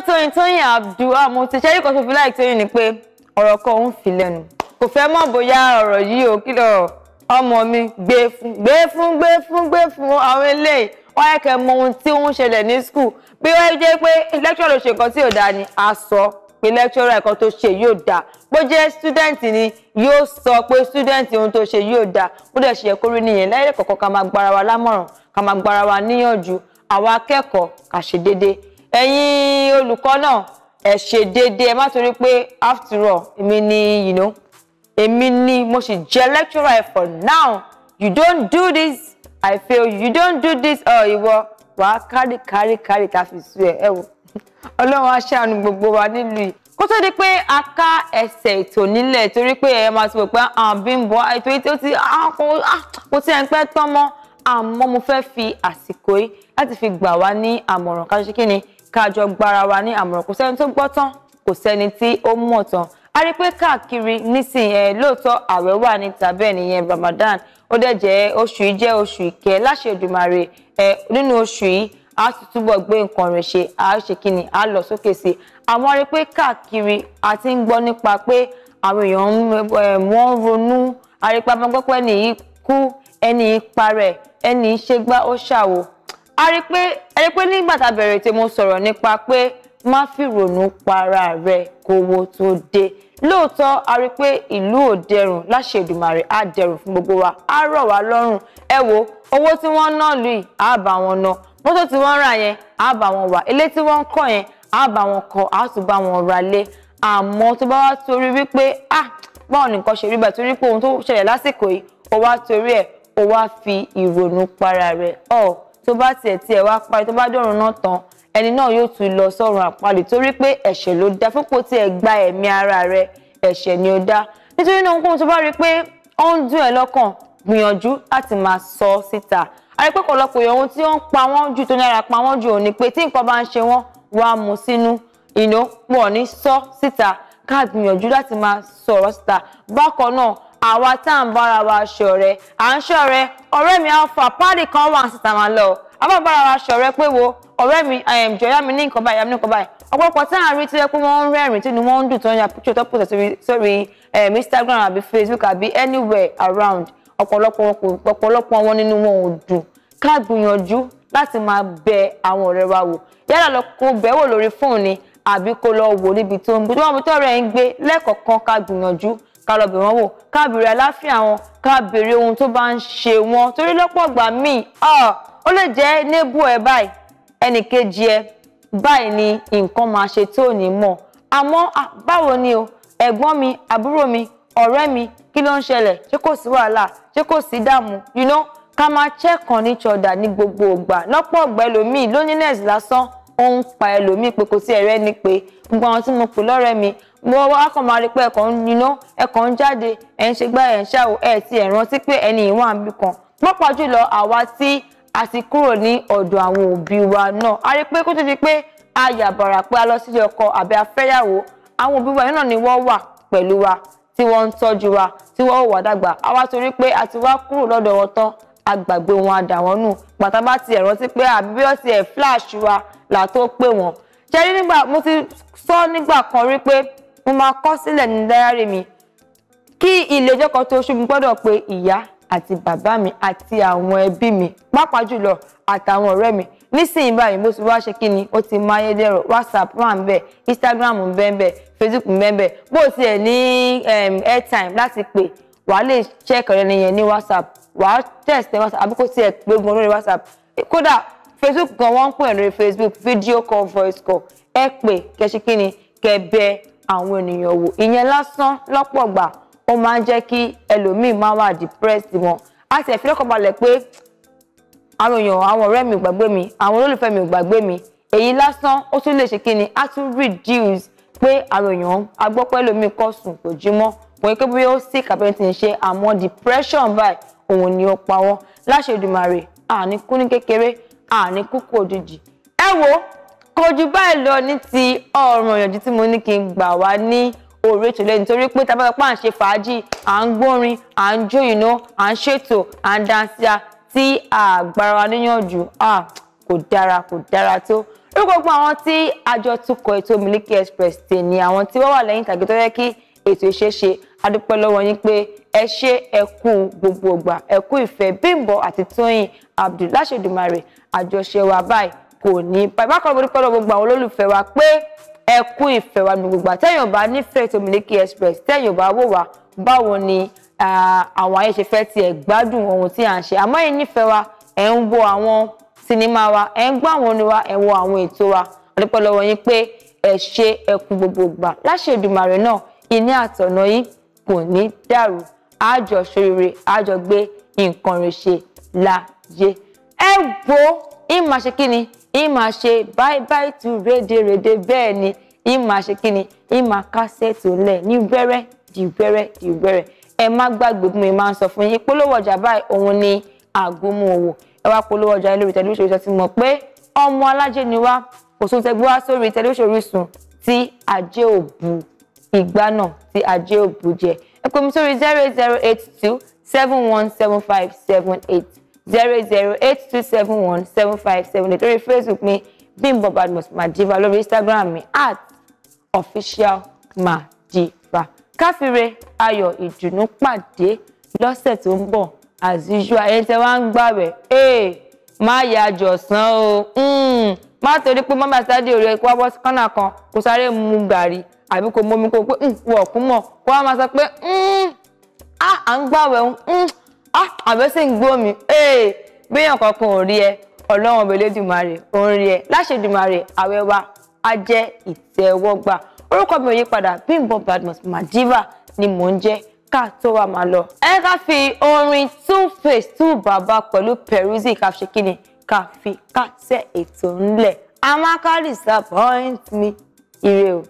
Tóyìn Tóyìn Tóyìn Abdul amuti ah, ṣẹ́rí kan ṣe fi láì Tóyìn ni pé ọ̀rọ̀ kan ń fi lẹ́nu kò fẹ́ mọ̀ bóyá ọ̀rọ̀ yìí ò kí lọ ọmọ mi gbé fún gbé fún gbé fún gbé fún àwọn eléyìí wọ́n yẹ kẹ́ mọ ohun tí ó ń ṣẹlẹ̀ ní skul bí wọ́n jẹ́ pé lecturer ló ṣe nǹkan tí ò dáa ni a sọ pé lecturer nǹkan tó ṣe yóò dáa bó jẹ́ student ni yóò sọ pé student ohun tó ṣe yóò dáa bó dẹ̀ ṣe yẹ kó rí nìyẹn lẹ́yìn kọ̀ọ̀kan ká máa gbára wa lámọ̀ràn ká máa gbára wa níyànjú àwa akẹ́kọ̀ọ́ ká ṣe déédéé ẹ̀yin olùkọ́ náà ẹ ṣe déédéé ẹ má torí pé after all èmi ni you know èmi ni mo sì jẹ́ lecturer for now you don't do this i feel you don't do this ọ̀ ìwọ wàá kárí kárí kárí tá a fi sú ẹ ẹ wò ọlọ́run aṣáánu gbogbo wa nílùú yìí kó tó di pé a ká ẹsẹ̀ ètò nílẹ̀ torí pé ẹ máa ti wò pé àwọn ah, Bímbọ́ ètò yìí tó ti ah, ah, kò tí ẹ̀ ń pẹ́ tán mọ́ àmọ́ mo fẹ́ fi àsìkò yìí láti fi gbà wá ní àmọ̀ràn ká ṣe kí ni kájọ gbára wa ní àmọ̀ràn kò sẹ́ni tó gbọ́ tán kò sẹ́ni tí ó mọ̀ tán a rí i pé káàkiri nísìnyẹn lóòótọ́ àwẹ̀ wà ní tàbẹ́ nìyẹn Ramadan ó dẹ̀ jẹ́ oṣù yìí jẹ́ oṣù ìkẹ́ láṣẹ Èdùmàrè ẹ nínú oṣù yìí a sì túbọ̀ gbé nǹkan rẹ̀ ṣe a ṣe kí ni a lọ sókè sí i àmọ́ a rí i pé káàkiri a ti ń gbọ́ nípa pé àwọn èèyàn wọ́n ronú a rí i pé abọ́gbọ́pẹ́ nìyí kú ẹni parẹ̀ ẹni ṣègbà ó ṣàwò a rí pé a rí pé nígbà tá a bẹ̀rẹ̀ tí mo sọ̀rọ̀ nípa pé má fi rònú para rẹ kówó tó dé lóòótọ́ a rí pé ìlú ò dẹrùn láṣẹ Èdùmàrè á dẹrùn fún gbogbo wa á rọ̀ wá lọ́rùn ẹ wo owó tí wọ́n ná lù yìí á bá wọn ná mọ́tò tí wọ́n rà yẹn á bá wọn wà ilé tí wọ́n kọ́ yẹn á bá wọn kọ́ á tún bá wọn ra lé àmọ́ tó bá wá torí wípé ah báwọn nìkan ṣe rí bẹ́ẹ̀ torí pé ohun tó ṣẹlẹ̀ lásìkò yìí ó wá torí ẹ̀ ó wá fi ìrònú para rẹ̀ ọ̀. Oh tó bá tiẹ̀ tiẹ̀ wá parí tó bá dọ̀run náà tán ẹni náà yóò tún lọ sọ́run àpalẹ̀ torí pé ẹ̀ṣẹ̀ ló dá fúnpọ̀ tí ẹ gba ẹ̀mí ara rẹ ẹ̀ṣẹ̀ ni ó dá nítorí náà ohunkóhun tó bá rí i pé ó ń dùn ẹ́ lọ́kàn gbìyànjú láti máa sọ síta àrípẹ́ pọ̀lọpọ̀ èèyàn ohun tí ó ń pa wọ́n jù tó ní pa wọ́n jù òun pé tí nǹkan bá ń ṣe wọ́n wá mú sínú ìná pọ̀ ní sọ síta ká gbìyànjú láti máa sọ̀rọ̀ síta bákan náà àwa tá à ń bára wa ṣọ̀rẹ́ à ń ṣọ̀rẹ́ ọ̀rẹ́ mi alpha pádì kan wà síta máa lọ àbá bára wa ṣọ̀rẹ́ pé wo ọ̀rẹ́ mi eh, jọ̀yà mi ní nǹkan báyìí yà mí ní nǹkan báyìí ọ̀pọ̀lọpọ̀ tí à ń rí tí ó yẹ pé wọ́n ń rẹ́rìn tí inú wọn ń dùn tó ń ya picture tó pòtẹ́ sórí eh, Instagram àbí Facebook àbí anywhere around ọ̀pọ̀lọpọ̀ wọn nínú wọn ò dùn ká gbìyànjú láti máa bẹ àwọn ọ̀rẹ́ wa wò yálà lọ kó bẹ̀ wò lórí fóònù ni àbí kó lọ wò níbi tó ń gbé tó wọn bí tọ́rẹ̀ ń gbé lẹ́ẹ̀kọ̀ọ̀kan ká gbìyànjú ká lọ bẹ̀ wọ́n wò ká béèrè àláfíà wọn ká béèrè ohun tó bá ń ṣe wọn torí lọ́pọ̀ ìgbà míì ó lè jẹ́ nébù ẹ báyìí ẹnì kejì ẹ báyìí ni nǹkan máa ṣe tí ò ní mọ̀ àmọ́ báwo ni o ẹ̀gbọ́n mi àbúrò mi ọ̀rẹ́ mi kí ló ń ṣẹlẹ̀ ṣé kò sí wàhálà ṣé kò sí dààmú you know ká máa check on each other ní gbogbo ìgbà lọ́pọ̀ ọ̀gbẹ́ lomi loneliness lásán ó ń pa ẹlòmíì pé kò sí ẹ̀rẹ́ ni pé gbogbo àwọn tí mo pè lọ́rẹ́ mi mo wá kàn máa rí pé ẹ̀kọ́ ń yiná ẹ̀kọ́ ń jáde ẹ̀ ń ṣe gbá ẹ̀ ń ṣàwò ẹ̀ ti ẹ̀ rántí pé ẹni ìwọ̀n àbí kan pọ́pọ́ jùlọ àwa tí a ti kúrò ní ọ̀dọ̀ àwọn òbí wa náà a rí pé kó tó di pé a yà bàrà pé a lọ sílé ọkọ àbí afẹ́yàwó àwọn òbí wa náà ni wọ́n wà pẹ̀lú wa tí wọ́n ń tọ́jú wa tí wọ́n wà dàgbà a wá torí pé a ti wá kúrò lọ́dọ̀ wọn tán a gbàgbé wọn àdà nù pàtàkì bá ti ẹ̀ rántí pé àbí bí wọ́n ti ẹ̀ flash wa La tó pè wọ́n ṣe rí nígbà mo ti sọ nígbà kan rí pé mo máa kọ sílẹ̀ ní dáyárì mi kí ìlẹ́jọ́ kan tó ṣubú gbọ́dọ̀ pé ìyá àti bàbá mi àti àwọn ẹbí mi pàápàá jùlọ àtàwọn ọ̀rẹ́ mi nísìnyí báyìí mo ti wá ṣe kí ni ó ti máyédẹrùn whatsapp wà ń bẹ instagram ń bẹ ń bẹ facebook ń bẹ ń bẹ bó o tiẹ̀ ní ehm, airtime láti pè wà lè check ọ̀rẹ́ nìyẹn ní whatsapp wà á test whatsapp àbí kó tiẹ̀ gbégun lórí whatsapp kódà facebook gan wọ́n ń pè lórí facebook video call voice call ẹ pè kẹ́síkínni kẹ́bẹ àwọn ènìyàn wò ìyẹn lásán lọ́pọ̀ gbà ó máa ń jẹ́ kí ẹlòmíì máa wà depressed wọn a sì fi lọ́kàn balẹ̀ pé àwọn èèyàn àwọn ọ̀rẹ́ mi ò gbàgbé mi àwọn olólùfẹ́ mi gbàgbé mi èyí lásán ó tún lè ṣe kí a tún reduce pé àwọn èèyàn agbọ́pẹ́ lómi kọ́ sùn kò jí mọ́ wọ́n yẹ kí bóyá ó sì kàbẹ́ni ti ń ṣe àmọ́ depression báyìí òun ni ó pa wọ́n láṣẹ Èdùmàrè àní kú ní kékeré àní kúkú òjijì ẹ wo kò jù báyìí lọ ní ti ọ̀ràn ìyànjú tí mo ní kí n gbà wá ní òru ètò lẹ́yìn nítorí pé tá a bá fẹ́ pa à ń ṣe fàájì à ń gbórin à ń jó ìná à ń ṣètò à ń dáńsíá tí àgbára wa níyànjú kò dára kò dára tó lórúkọ àwọn tí àjọ tukọ̀ ètò Miliki Express tè ní àwọn tí wọ́n wà lẹ́yìn tàgé tó yẹ kí ètò ìṣeṣe adúpẹ́ lọ́wọ́ yín pé ẹ ṣe ẹ kú gbogbo ọgbà ẹ ìfẹ́ Bímbọ́ àti Tóyìn Abdul láṣẹdùmarè àjọṣe wa báyìí kò ní báyìí bákan mo dúpẹ́ lọ́wọ́ gbogbo àwọn olólùfẹ́ wa pé ẹ ìfẹ́ wa ní gbogbo àtẹ̀yìn ọba nífẹ̀ẹ́ tó Miliki Express tẹ̀yìn ọba wò wá báwo ni àwọn ayé ṣe fẹ́ tiẹ̀ gbádùn ohun tí à ń ṣe àmọ́ yìí nífẹ̀ẹ́ wa ẹ̀ ń wo àwọn sinimá wa ẹ̀ ń gbọ́ àwọn orin wa ẹ̀ wo àwọn wa adúpẹ́ lọ́wọ́ yín pé ẹ ṣe ẹ kú ìní àtọ̀nà yìí kò ní dàrú àjọ ṣoríire àjọ gbé nǹkan rẹ̀ ṣe láyé ẹ wo ń máa ṣe kí ni ń máa ṣe bye bye tu rédèrèdè bẹ́ẹ̀ ni ń máa ṣe kí ni ń máa kásẹ̀tì lẹ̀ ní wẹ́rẹ́ di wẹ́rẹ́ di wẹ́rẹ́ ẹ má gbàgbé bí mo máa ń sọ fún yín polówó ọjà báyìí òun ni àgómọ òwò ẹ wá polówó ọjà lórí tẹlifíṣàn ìṣọ́ ti mọ̀ pé ọmọ alájẹ ni wá kò sóun tẹgbẹ́ wá sórí tẹlifíṣàn Orísun tí ajé ò bu ìgbà náà tí ajé òbú jẹ ẹ pè mí sórí zero eight zero eight two seven one seven five seven eight zero eight zero eight two seven one seven five seven eight lórí facebook mi Bimbo Badmus Madiba. lórí instagram mi at official Madiba. káfíre ayọ̀ ìdùnnú pàdé lọ́sẹ̀ tó ń bọ̀ as usual ẹni tẹ́ wá ń gbàwẹ̀ ee eh, má yà jọ̀sán o hmm, má torí pé mọ́mọ́ sáré òru ẹ̀kọ́ wá bọ́ sí kọ́nà kan kó sáré mú gàrí àbí kò mọ omi kó pé mm, wọ́n kú mọ̀ kó wá máa sọ pé mm, à ń gbàwẹ̀ mm, àbẹ́sẹ̀ ń gbómi gbéyàn kankan ò rí ẹ ọlọ́run bẹ̀lẹ́ dùmarè ò ń rí ẹ láṣẹ dùmarè àwẹ̀ wa á jẹ́ ìtẹ́wọ́gbà orúkọ mi ò yí padà Bimbo Badmus Madiva ni mò ń jẹ́ ká tó wá máa lọ. ẹ ká fi orin two face two bàbá pẹ̀lú Peruzzi ká fi ṣe kí ni ká fi kásẹ̀ ètò ńlẹ̀. amaka disappoint me ire o.